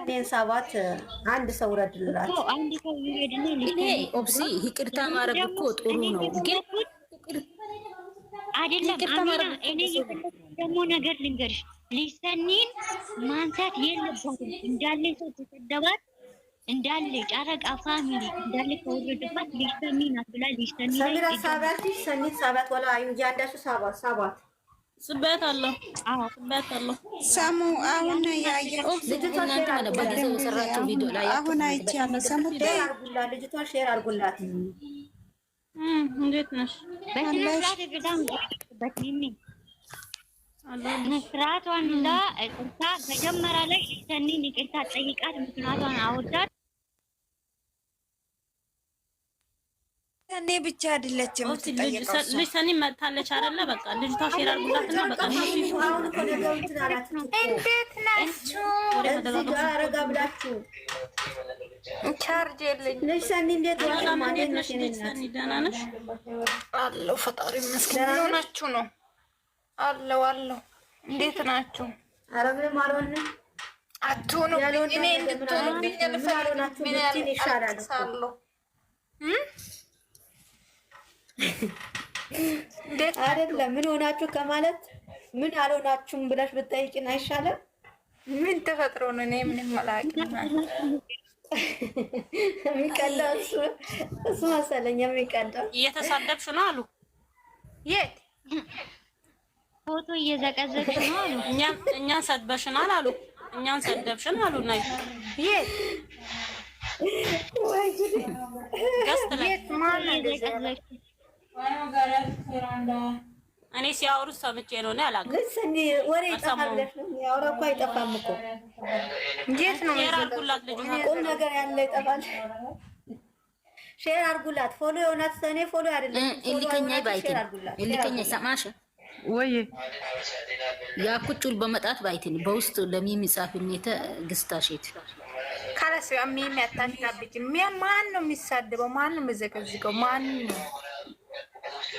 እንዴን ሰባት አንድ ሰው ረድላት። እኔ ይቅርታ ማድረግ እኮ ጥሩ ነው፣ ግን አይደለም እኔ ደግሞ ነገር ልንገርሽ፣ ሊሰኒን ማንሳት የለባትም እንዳለ ሰው ተሰደባት እንዳለ ጨረቃ ፋሚሊ እንዳለ ከወረደባት ሊሰኒ ናት ብላ ሊሰኒ ሰኒ ሰባት ሰባት ወላ አዩ ሰባት ሰባት ስበት አለው። አዎ ስበት አለው። ሰሙ አሁን ላይ ሰሙ ልጅቷ ሼር አድርጉላት። እንዴት ነሽ? መጀመሪያ ላይ ሰኒን ይቅርታ ጠይቃት፣ ምክንያቷን ሰኔ ብቻ አይደለችም። ልጅ ሰኔ መታለች አይደለ? በቃ ልጅቷ ሼር አድርጉላት እና በቃ እንዴት ናችሁ? ረጋ ብላችሁ ቻርጅ የለኝ ልጅ ሰኔ እንዴት ነሽ? ደህና ነሽ? አለሁ ፈጣሪ ይመስገን። ሆናችሁ ነው? አለሁ አለሁ። እንዴት ናችሁ? ኧረ ምንም አልሆንም። አትሆኑ እኔ እንድትሆኑብኝ አልፈልግም። ምን ያልሳለሁ አይደለም ምን ሆናችሁ ከማለት ምን አልሆናችሁም ብለሽ ብትጠይቂን አይሻልም? ምን ተፈጥሮ ነው? እኔ ምን አላውቅም። የሚቀዳው እሱ መሰለኝ እየተሳደብሽ ነው አሉ። የት ፎቶ እየዘቀዘቅሽ ነው አሉ። እኛን ሰድበሽናል አሉ። እኛን ሰደብሽን አሉ። ናይ የት ወይ እኔ ሲያወሩ ሰምቼ ነው እና ያላውቅም። ወሬ ይጠፋል እንዴት ነው? ሼር አድርጉላት፣ ቁም ነገር ያለ ይጠፋል። ሼር አድርጉላት። ፎሎ የሆናት ሰኔ ፎሎ አይደለም እልከኛ ባይቴ እልከኛ በመጣት ባይቴን በውስጥ ለሚሚ ጻፍኝተ ግስታሽት ካላስ የሚያታሽ ጋብጭ ማን ነው የሚሳደበው? ማን ነው የሚዘቀዝቀው? ማን ነው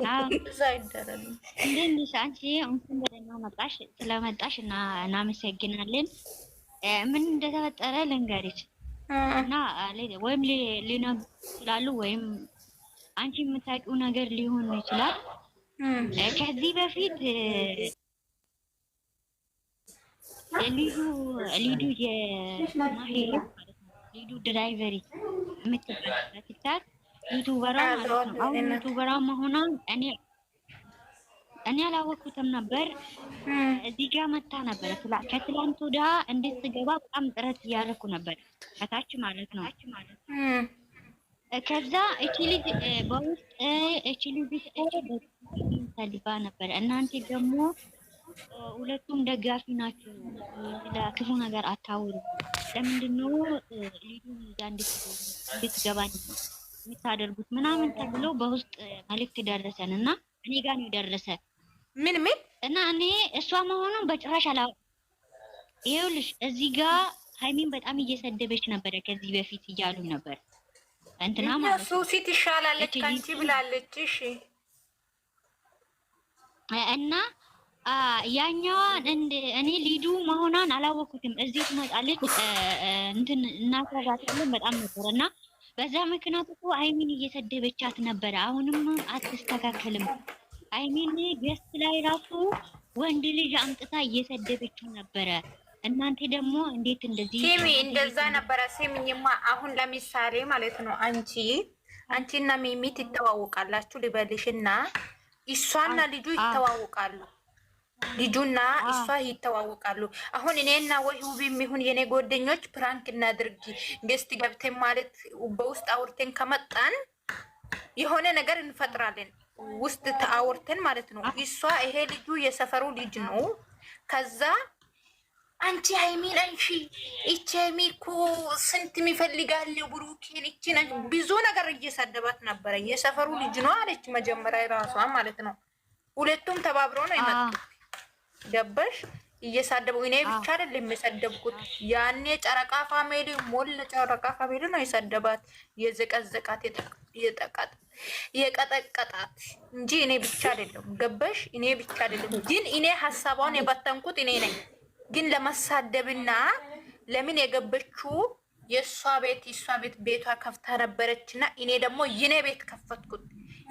እንዴት ነሽ አንቺ? እንኳን መጣሽ። ስለመጣሽ እናመሰግናለን። ምን እንደተፈጠረ ልንገሪች እና ወይም ሊነግሩ ይችላሉ ወይም አንቺ የምታውቂው ነገር ሊሆን ይችላል። ከዚህ በፊት ልዩ የማሄ ድራይቨሪ የምትባል ዩቱበራ ማለት አሁን ዩቱበራ መሆኗን እኔ እኔ አላወኩትም ነበር። እዚህ ጋ መታ ነበረ። ከትላንት ወዲያ እንዴት ስገባ በጣም ጥረት እያደረኩ ነበር፣ ከታች ማለት ነው። ከዛ እቺ ልጅ በውስጥ እቺ ልጅ ሰሊባ ነበረ። እናንተ ደግሞ ሁለቱም ደጋፊ ናቸው። ስለ ክፉ ነገር አታውሩ። ለምንድን ነው ልጁ እንድትገባ የምታደርጉት ምናምን ተብሎ በውስጥ መልዕክት ደረሰን እና እኔ ጋር ነው የደረሰ ምን ምን እና እኔ እሷ መሆኑን በጭራሽ አላ ይኸውልሽ፣ እዚህ ጋር ሀይሚን በጣም እየሰደበች ነበረ ከዚህ በፊት እያሉ ነበር። እንትና ማለት ነው ሱሲ ትሻላለች ከአንቺ ብላለች። እሺ እና ያኛዋን እንደ እኔ ሊዱ መሆኗን አላወኩትም። እዚህ ትመጣለች እንትን እናሳጋታለን በጣም ነበር እና በዛ ምክንያት እኮ አይሚን እየሰደበቻት ነበረ። አሁንም አትስተካከልም። አይሚን ገስት ላይ ራሱ ወንድ ልጅ አምጥታ እየሰደበችው ነበረ። እናንተ ደግሞ እንዴት እንደዚህ ሲሚ እንደዛ ነበረ። ሲሚኝማ አሁን ለምሳሌ ማለት ነው አንቺ አንቺና ሚሚ ትተዋወቃላችሁ ልበልሽና፣ እሷና ልጁ ይተዋወቃሉ ልጁና እሷ ይተዋወቃሉ። አሁን እኔና ወይ ውብ የሚሆን የኔ ጓደኞች ፕራንክ እናድርግ ገስት ገብተን ማለት በውስጥ አውርተን ከመጣን የሆነ ነገር እንፈጥራለን። ውስጥ አውርተን ማለት ነው። እሷ ይሄ ልጁ የሰፈሩ ልጅ ነው። ከዛ አንቺ ሀይሚን አንቺ እቺ ሀይሚ እኮ ስንት የሚፈልጋል ብሩኬን እቺ ብዙ ነገር እየሰደባት ነበረ። የሰፈሩ ልጅ ነው አለች መጀመሪያ ራሷ ማለት ነው። ሁለቱም ተባብሮ ነው ይመጡ ገበሽ እየሳደበው እኔ ብቻ አይደል የሚሰደብኩት። ያኔ ጨረቃ ፋሚሊ ሞል ጨረቃ ፋሚሊ ነው የሰደባት የዘቀዘቃት የጠቃት የቀጠቀጣት እንጂ እኔ ብቻ አይደለም። ገበሽ እኔ ብቻ አይደለም። ግን እኔ ሀሳቧን የበተንኩት እኔ ነኝ። ግን ለመሳደብና ለምን የገበችው የእሷ ቤት የእሷ ቤት ቤቷ ከፍታ ነበረችና እኔ ደግሞ የኔ ቤት ከፈትኩት።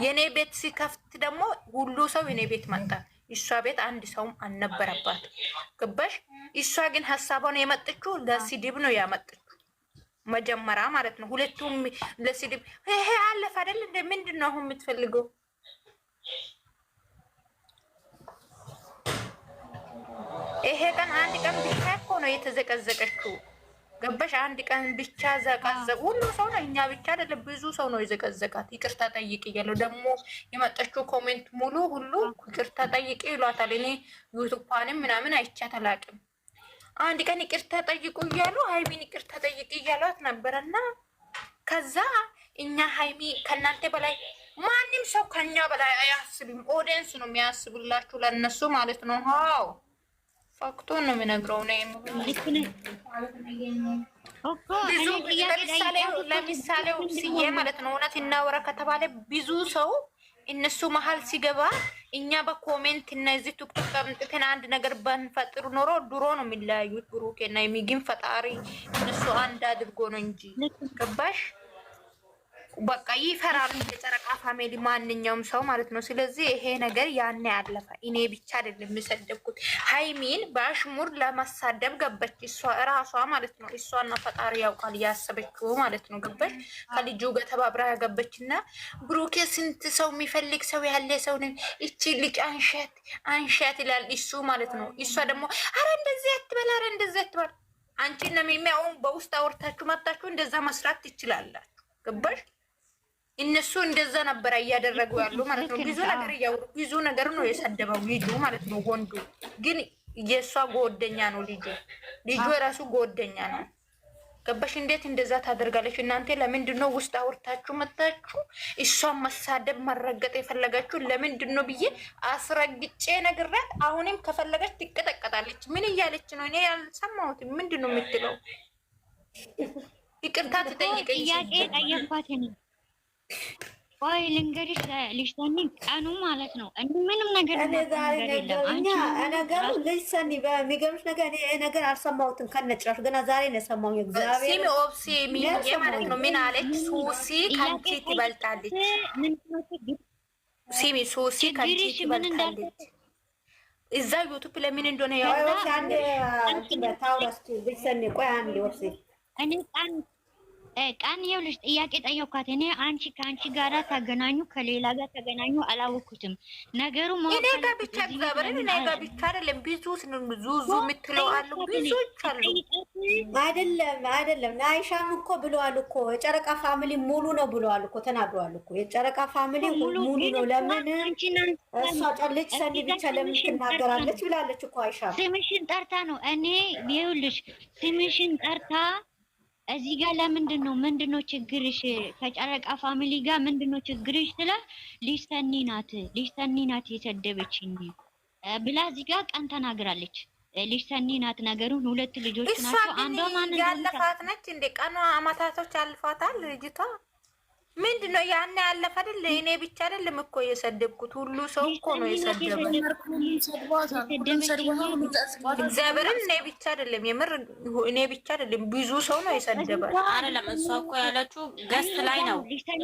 የኔ ቤት ሲከፍት ደግሞ ሁሉ ሰው የኔ ቤት መጣ። እሷ ቤት አንድ ሰውም አልነበረባት። ገባሽ? እሷ ግን ሀሳቧን የመጥችው ለስድብ ነው ያመጥችው መጀመሪያ ማለት ነው። ሁለቱም ለስድብ ይሄ አለፍ አይደል? እንደ ምንድን ነው አሁን የምትፈልገው? ይሄ ቀን አንድ ቀን ብቻ እኮ ነው የተዘቀዘቀችው። ገበሽ አንድ ቀን ብቻ ዘቀዘቅ ሁሉ ሰው ነው፣ እኛ ብቻ አይደለም። ብዙ ሰው ነው የዘቀዘቃት። ይቅርታ ጠይቅ እያለው ደግሞ የመጣችው ኮሜንት ሙሉ ሁሉ ይቅርታ ጠይቅ ይሏታል። እኔ ዩቱፓንም ምናምን አይቻት ተላቅም። አንድ ቀን ይቅርታ ጠይቁ እያሉ ሀይሚን ይቅርታ ጠይቅ እያሏት ነበረና ከዛ እኛ ሀይሚ ከእናንተ በላይ ማንም ሰው ከኛ በላይ አያስብም። ኦዲየንስ ነው የሚያስብላችሁ ለእነሱ ማለት ነው ሀው ፋክቶን ነው የምነግረው። ለምሳሌው ስዬ ማለት ነው እውነት እናወራ ከተባለ ብዙ ሰው እነሱ መሀል ሲገባ እኛ በኮሜንት እነዚህ ቱክቱክ አምጥተን አንድ ነገር በንፈጥሩ ኖሮ ድሮ ነው የሚለያዩት። ብሩኬና የሚግን ፈጣሪ እነሱ አንድ አድርጎ ነው እንጂ ገባሽ በቃ ይፈራል የጨረቃ ፋሚሊ ማንኛውም ሰው ማለት ነው። ስለዚህ ይሄ ነገር ያኔ ያለፈ እኔ ብቻ አይደለም የሚሰደብኩት። ሀይሚን በአሽሙር ለማሳደብ ገባች እሷ እራሷ ማለት ነው። እሷና ፈጣሪ ያውቃል እያሰበችው ማለት ነው። ገባች ከልጁ ጋር ተባብራ ያገበች እና ብሩኬ ስንት ሰው የሚፈልግ ሰው ያለ ሰው እቺ ልጅ አንሸት አንሸት ይላል እሱ ማለት ነው። እሷ ደግሞ አረ እንደዚህ አትበል፣ አረ እንደዚህ አትበል። አንቺ ነሚሚያውን በውስጥ አውርታችሁ መታችሁ እንደዛ መስራት ትችላላችሁ። ገባሽ እነሱ እንደዛ ነበረ እያደረጉ ያሉ ማለት ነው። ብዙ ነገር እያወሩ ብዙ ነገር ነው የሰደበው ልጁ ማለት ነው። ወንዱ ግን የእሷ ጎደኛ ነው ልጁ ልጁ የራሱ ጎደኛ ነው። ገባሽ? እንዴት እንደዛ ታደርጋለች? እናንተ ለምንድን ነው ውስጥ አውርታችሁ መታችሁ እሷን መሳደብ መረገጥ የፈለጋችሁ ለምንድን ነው ብዬ አስረግጬ ነግራት፣ አሁንም ከፈለገች ትቀጠቀጣለች። ምን እያለች ነው? እኔ ያልሰማሁትም ምንድን ነው የምትለው? ይቅርታ ትጠይቀኝ ጥያቄ ጠየኳት ነው ቆይ ልንገርሽ ልጅ ሰኒ ቀኑ ማለት ነው እ ምንም ነገር ነገሩ ልጅ ሰኒ በሚገርምሽ ነገር እኔ ነገር አልሰማሁትም ከነጭራሽ ገና ዛሬ ነው የሰማሁኝ። እግዚአብሔር ኦብሲ ማለት ነው ምን አለች? ሱሲ ትበልጣለች። ሲሚ ሱሲ ትበልጣለች። እዛ ዩቱብ ለምን እንደሆነ ያው አንድ ታውራስ ልጅ ሰኒ ቆይ እኔ ቃን ይኸውልሽ ጥያቄ ጠየኳት። እኔ አንቺ ከአንቺ ጋራ ተገናኙ ከሌላ ጋር ተገናኙ አላወኩትም። ነገሩ እኔ ጋር ብቻ እግዚአብሔር እኔ ጋር ብቻ አይደለም። ብዙ ዙዙ የምትለው አሉ ብዙዎች አሉ። አይደለም አይደለም። አይሻም እኮ ብለዋል እኮ የጨረቃ ፋሚሊ ሙሉ ነው ብለዋል እኮ ተናግረዋል እኮ የጨረቃ ፋሚሊ ሙሉ ነው። ለምን እሷ ጨልጭ ሰኒ ብቻ ለምን ትናገራለች ብላለች እኮ አይሻም። ስምሽን ጠርታ ነው እኔ ይኸውልሽ ስምሽን ጠርታ እዚህ ጋር ለምንድን ነው ምንድን ነው ችግርሽ? ከጨረቃ ፋሚሊ ጋር ምንድን ነው ችግርሽ? ስለ ሊሰኒ ናት ሊሰኒ ናት የሰደበችኝ ብላ እዚህ ጋር ቀን ተናግራለች። ሊሰኒ ናት ነገሩን። ሁለት ልጆች ናቸው። አንዷ ማን ያለፋት ነች እንዴ? ቀኗ አመታቶች አልፏታል ልጅቷ ምንድን ነው ያና ያለፈ አይደል? እኔ ብቻ አይደለም እኮ የሰደብኩት፣ ሁሉ ሰው እኮ ነው የሰደበ። እግዚአብሔርን እኔ ብቻ አይደለም፣ የምር እኔ ብቻ አይደለም፣ ብዙ ሰው ነው የሰደበ። አይደለም እሷ እኮ ያለችው ገስት ላይ ነው።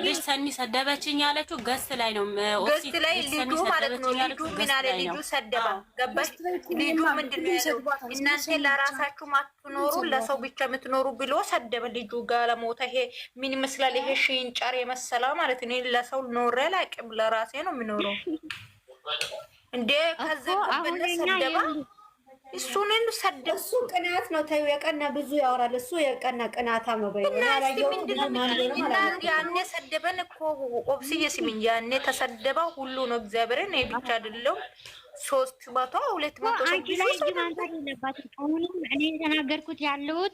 ልጅ ሰኒ ሰደበችኝ ያለችው ገስት ላይ ነው፣ ገስት ላይ ልጁ ማለት ነው። ልጁ ምን አለ? ልጁ ሰደባ ገባች። ልጁ ምንድን ነው ያለው? እናንተ ለራሳችሁ ማትኖሩ ለሰው ብቻ የምትኖሩ ብሎ ሰደበ። ልጁ ጋለሞታ ይሄ ምን ይመስላል? ይሄ ሽንጫር ፈጣሪ የመሰላ ማለት እኔ ለሰው ኖረ አላውቅም። ለራሴ ነው የምኖረው። እንዴ ከዚህ ሰደባ እሱን ሰደ እሱ ቅናት ነው። ተይው የቀና ብዙ ያወራል እሱ የቀና ቅናታ ያኔ ሰደበን እኮ ቆብስዬ ስሚኝ፣ ያኔ ተሰደባ ሁሉ ነው እግዚአብሔርን እኔ ብቻ አይደለም። ሶስት መቶ ሁለት መቶ ሰው አሁንም እኔ የተናገርኩት ያለሁት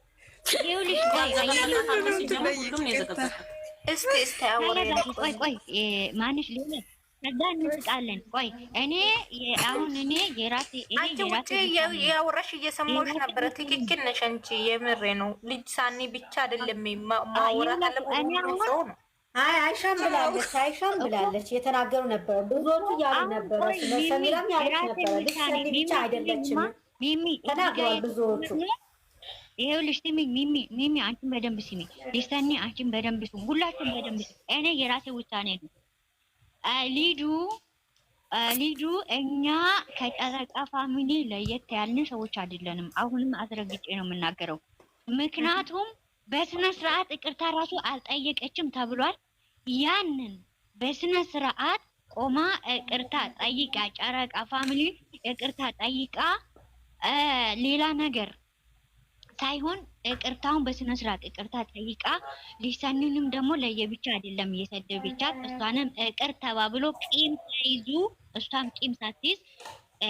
ማንሽ ሊሆነ ከዛ እንስቃለን። ቆይ እኔ አሁን እኔ የራሴ አንቺ ያወራሽ እየሰማሁሽ ነበረ። ትክክል ነሽ አንቺ፣ የምሬ ነው። ልጅ ሳኒ ብቻ አይደለም ማውራት አለብን። አይ አይሻም ብላለች፣ አይሻም ብላለች። የተናገሩ ነበረ፣ ብዙዎቹ ያሉ ነበረ። ስለሰሚራም ያለች ነበረ። ልጅ ሳኒ ብቻ አይደለችም፣ ተናግሯል ብዙዎቹ ይኸውልሽ ስሚኝ ሚሚ ሚሚ አንቺን በደንብ ስሚ፣ ሊሰኒ አንቺን በደንብ ስሙ፣ ሁላችሁም በደንብ ስሙ። እኔ የራሴ ውሳኔ ነው። ሊዱ ሊዱ እኛ ከጨረቃ ፋሚሊ ለየት ያልን ሰዎች አይደለንም። አሁንም አስረግጬ ነው የምናገረው። ምክንያቱም በስነ ስርዓት ይቅርታ ራሱ አልጠየቀችም ተብሏል። ያንን በስነ ስርዓት ቆማ ይቅርታ ጠይቃ ጨረቃ ፋሚሊ ይቅርታ ጠይቃ ሌላ ነገር ሳይሆን ይቅርታውን በስነ ስርዓት ይቅርታ ጠይቃ ሊሰንንም ደግሞ ለየብቻ አይደለም እየሰደበቻት እሷንም ይቅር ተባብሎ ቂም ሳይዙ እሷም ቂም ሳትይዝ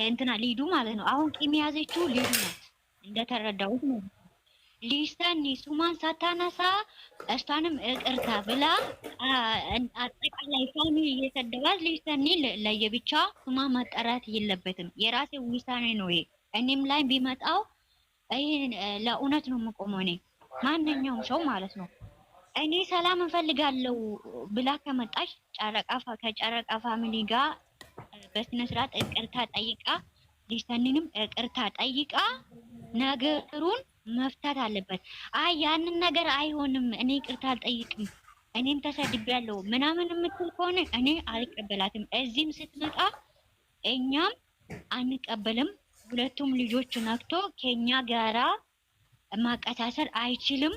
እንትና ሊዱ ማለት ነው። አሁን ቂም የያዘችው ሊዱ ናት እንደተረዳሁት ነው። ሊሰኒ ሱማን ሳታነሳ እሷንም እቅርታ ብላ አጠቃላይ ሰውን እየሰደባት ሊሰኒ ለየብቻ ሱማ መጠራት የለበትም። የራሴ ውሳኔ ነው። እኔም ላይ ቢመጣው ለእውነት ነው የምቆመው እኔ ማንኛውም ሰው ማለት ነው። እኔ ሰላም እንፈልጋለሁ ብላ ከመጣች ጨረቃ ከጨረቃ ፋሚሊ ጋር በስነ ስርዓት እቅርታ ጠይቃ ሊሰንንም እቅርታ ጠይቃ ነገሩን መፍታት አለበት። አይ ያንን ነገር አይሆንም፣ እኔ ቅርታ አልጠይቅም፣ እኔም ተሰድቤያለሁ ምናምን የምትል ከሆነ እኔ አልቀበላትም። እዚህም ስትመጣ እኛም አንቀበልም ሁለቱም ልጆች ነክቶ ከኛ ጋራ ማቀሳሰር አይችልም።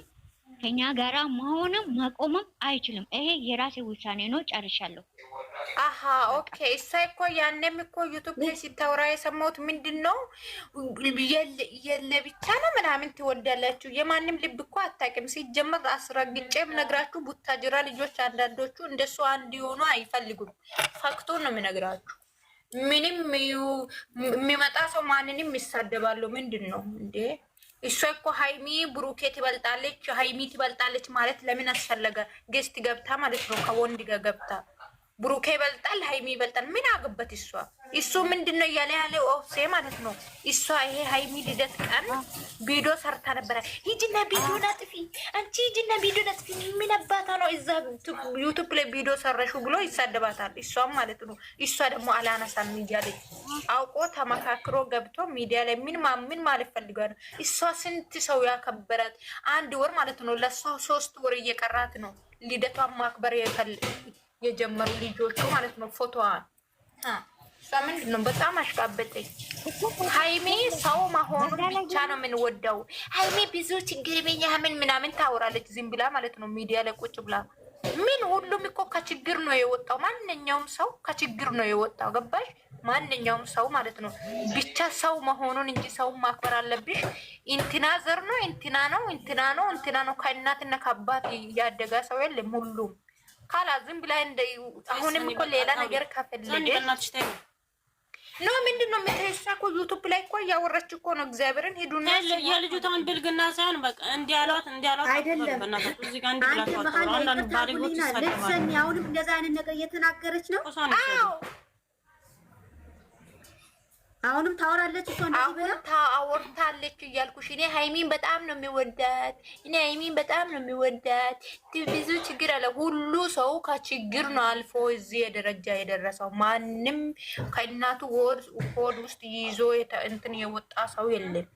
ከኛ ጋራ መሆንም መቆምም አይችልም። ይሄ የራሴ ውሳኔ ነው። ጨርሻለሁ። አሀ ኦኬ። እሳይ እኮ ያንም እኮ ዩቱብ ላይ ሲታወራ የሰማሁት ምንድን ነው የለ ብቻ ነው ምናምን ትወዳላችሁ። የማንም ልብ እኮ አታውቂም። ሲጀመር አስረግጬም ነግራችሁ ቡታጅራ ልጆች አንዳንዶቹ እንደሱ አንድ የሆኑ አይፈልጉም። ፋክቶ ነው የምነግራችሁ ምንም የሚመጣ ሰው ማንንም ይሳደባሉ። ምንድን ነው እንዴ? እሷ እኮ ሀይሚ ብሩኬ ትበልጣለች፣ ሀይሚ ትበልጣለች ማለት ለምን አስፈለገ? ጌስት ገብታ ማለት ነው ከወንድ ጋር ገብታ ብሩኬ ይበልጣል፣ ሀይሚ ይበልጣል። ምን አገበት እሷ እሱ ምንድነው እያለ ያለ ኦፍሴ ማለት ነው። እሷ ይሄ ሀይሚ ልደት ቀን ቪዲዮ ሰርታ ነበረ። ሂጂና ቪዲዮ ናጥፊ፣ አንቺ ሂጂና ቪዲዮ ናጥፊ። ምን አባታ ነው እዛ ዩቱብ ላይ ቪዲዮ ሰረሹ ብሎ ይሳደባታል፣ እሷም ማለት ነው። እሷ ደግሞ አላነሳም እያለች አውቆ ተመካክሮ ገብቶ ሚዲያ ላይ ምን ምን ማለት ፈልጋ ነው እሷ። ስንት ሰው ያከበራት አንድ ወር ማለት ነው። ለእሷ ሶስት ወር እየቀራት ነው ልደቷን ማክበር የጀመሩ ልጆቹ ማለት ነው። ፎቶዋን እሷ ምንድን ነው በጣም አሽቃበጠች። ሀይሜ ሰው መሆኑን ብቻ ነው የምንወደው። ሀይሜ ብዙ ችግር ምን ምናምን ታወራለች፣ ዝም ብላ ማለት ነው ሚዲያ ላይ ቁጭ ብላ ምን ሁሉም እኮ ከችግር ነው የወጣው። ማንኛውም ሰው ከችግር ነው የወጣው። ገባሽ? ማንኛውም ሰው ማለት ነው ብቻ ሰው መሆኑን እንጂ ሰው ማክበር አለብሽ። እንትና ዘር ነው እንትና ነው እንትና ነው እንትና ነው ከእናትና ከአባት ያደጋ ሰው የለም ሁሉም ካላ ዝም ብላ እንደ አሁንም እኮ ሌላ ነገር ከፈለገ ኖ ምንድን ነው የምትሄሳ እኮ ዩቱብ ላይ እኮ እያወራች እኮ ነው። እግዚአብሔርን ሄዱና የልጅቷን ብልግና ሳይሆን በቃ እንዲያሏት አሏት እንዲህ አሏት አይደለም። አንድ መሀል ልሰሚ አሁንም እንደዛ አይነት ነገር እየተናገረች ነው። አዎ አሁንም ታወራለች እሷ እንደዚህ ታወርታለች እያልኩሽ። እኔ ሀይሚን በጣም ነው የሚወዳት። እኔ ሀይሚን በጣም ነው የሚወዳት። ብዙ ችግር አለ። ሁሉ ሰው ከችግር ነው አልፎ እዚህ የደረጃ የደረሰው። ማንም ከእናቱ ሆድ ውስጥ ይዞ እንትን የወጣ ሰው የለም።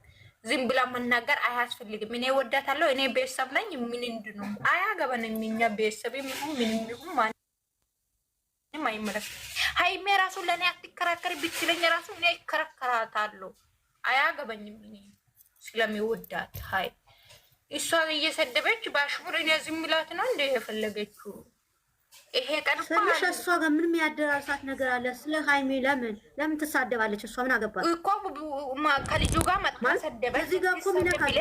ዝም ብላ መናገር አያስፈልግም። እኔ ወዳታለሁ። እኔ ቤተሰብ ነኝ። ምን እንድነው አያገባንም። እኛ ቤተሰብ ምን ምን ምን አይመለከትም። ሀይሜ ራሱ ለእኔ አትከራከር ብችለኝ ራሱ እኔ ይከራከራታለሁ። አያገበኝም። እኔ ስለሚወዳት ሀይ እሷ እየሰደበች በአሽሙር እኔ ዝም ብላት ነው እንደ የፈለገችው ይሄ ቀን ስልሽ እሷ ጋር ምንም ያደራርሳት ነገር አለ። ስለ ሀይሚ ለምን ለምን ትሳደባለች? እሷ ምን አገባት እኮ ከልጁ ጋር መሰደበች። እዚህ ጋር እኮ ሚነካላ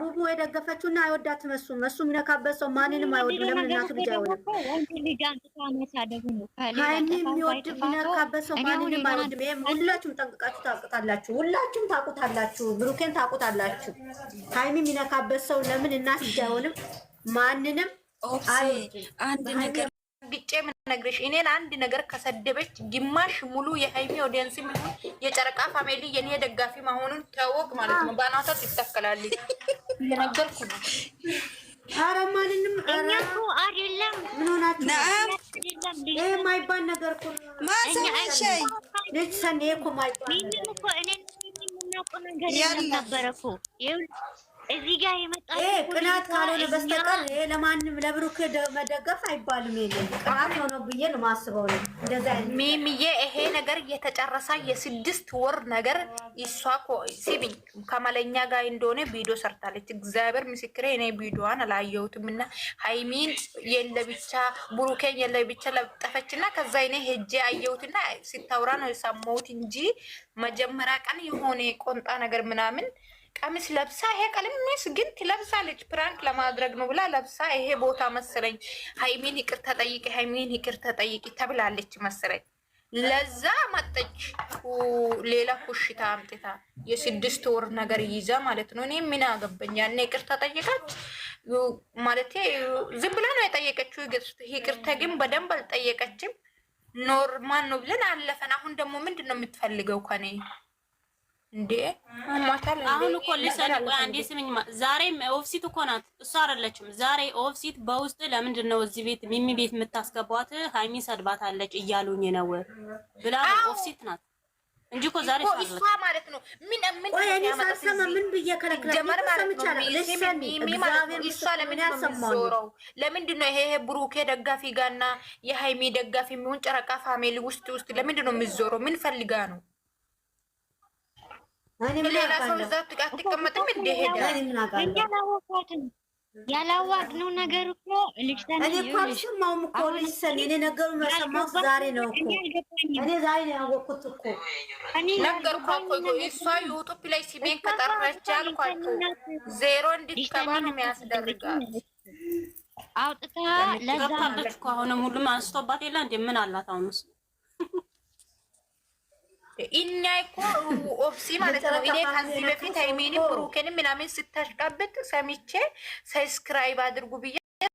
ቡቡ የደገፈችው እና አይወዳትም። እሱም እሱ ሚነካበት ሰው ማንንም አይወድም። ለምን እናቱ ልጅ አይወድም? ሀይሚ የሚወድ ሚነካበት ሰው ማንንም አይወድም። ይሄም ሁላችሁም ጠንቅቃችሁ ታውቁታላችሁ። ሁላችሁም ታውቁታላችሁ። ብሩኬን ታውቁታላችሁ። ሀይሚ የሚነካበት ሰው ለምን እናት ልጅ አይሆንም? ማንንም አንድ ነገር ግጬ ምነግርሽ እኔን አንድ ነገር ከሰደበች ግማሽ ሙሉ የሀይሚ ኦዲየንስ የሚሆን የጨረቃ ፋሚሊ የኔ ደጋፊ መሆኑን ታወቅ ማለት ነው። በአናቷ ትተከላለች እየነገርኩ ነው። ኧረ ማንንም አይደለም። ምን ሆናችሁ? ይሄ የማይባል ነገር እኮ ማሰሻይ ልጅ ሰኔ እኮ ማይባል ነገር ነበረ እኮ እዚህ ጋር የመጣ ቅናት ካልሆነ በስተቀር ለማንም ለብሩክ መደገፍ አይባልም። ይ ቅናት ሆኖ ብዬ ነው ማስበው ነው እንደዛ ሚሚዬ፣ ይሄ ነገር እየተጨረሰ የስድስት ወር ነገር እሷ ሲብኝ ከመለኛ ጋር እንደሆነ ቪዲዮ ሰርታለች። እግዚአብሔር ምስክሬ፣ እኔ ቪዲዮዋን አላየሁትም እና ሀይሚን የለብቻ ብቻ ብሩኬን የለ ለጠፈች እና ከዛ ይኔ ሄጄ አየሁትና ሲታውራ ነው የሰማሁት እንጂ መጀመሪያ ቀን የሆነ ቆንጣ ነገር ምናምን ቀሚስ ለብሳ ይሄ ቀሚስ ግን ትለብሳለች ፕራንክ ለማድረግ ነው ብላ ለብሳ ይሄ ቦታ መሰለኝ ሀይሚን ይቅር ተጠይቂ፣ ሀይሚን ይቅር ተጠይቂ ተብላለች መሰለኝ። ለዛ መጠች ሌላ ኩሽታ አምጥታ የስድስት ወር ነገር ይዛ ማለት ነው። እኔ ምን አገባኝ? ያኔ ይቅር ተጠይቃች ማለት ዝም ብላ ነው የጠየቀችው። ይቅርታ ግን በደንብ አልጠየቀችም። ኖርማል ነው ብለን አለፈን። አሁን ደግሞ ምንድን ነው የምትፈልገው ከኔ? እንዴ አሁን እኮ ልሰን አንዴ ዛሬ ኦፍሲት እኮ ናት እሷ አይደለችም። ዛሬ ኦፍሲት በውስጥ ለምንድን ነው እዚህ ቤት ሚሚ ቤት የምታስገቧት? ሀይሚ ሰድባታለች እያሉኝ ነው ብላ ኦፍሲት ናት እንጂ እኮ ዛሬ እሷ ማለት ነው። ምን ምን ምን ጀመር ማለት ነው። ለምንድን ነው ይሄ ብሩኬ ደጋፊ ጋና የሀይሚ ደጋፊ የሚሆን ጨረቃ ፋሚሊ ውስጥ ውስጥ ለምንድን ነው የምትዞረው? ምን ፈልጋ ነው? ሌላ ነው እዛ አትቀመጥም። እንደሄደ አላወቃትም። እኮ አልሰማሁም እኮ ሰኔ እኔ ነገሩን የሰማሁት ዛሬ ነው እኮ እኔ ዛሬ ነው ያወቅሁት እኮ ነገርኳት እኮ እሷ ዩቱብ ላይ ስሜን ከጠራች አልኳት ዜሮ እንድትገባ ነው የሚያስደርጋል አውጥታ ለዛ እኮ አሁንም ሁሉም አንስቶባት የለ እንደ ምን አላት አሁን እሱ እኛ እኮ ኦፍሲ ማለት ነው። እኔ ከዚህ በፊት ሃይሚንም ብሩኬንም ምናምን ስታሽቃብጥ ሰምቼ ሰብስክራይብ አድርጉ ብዬ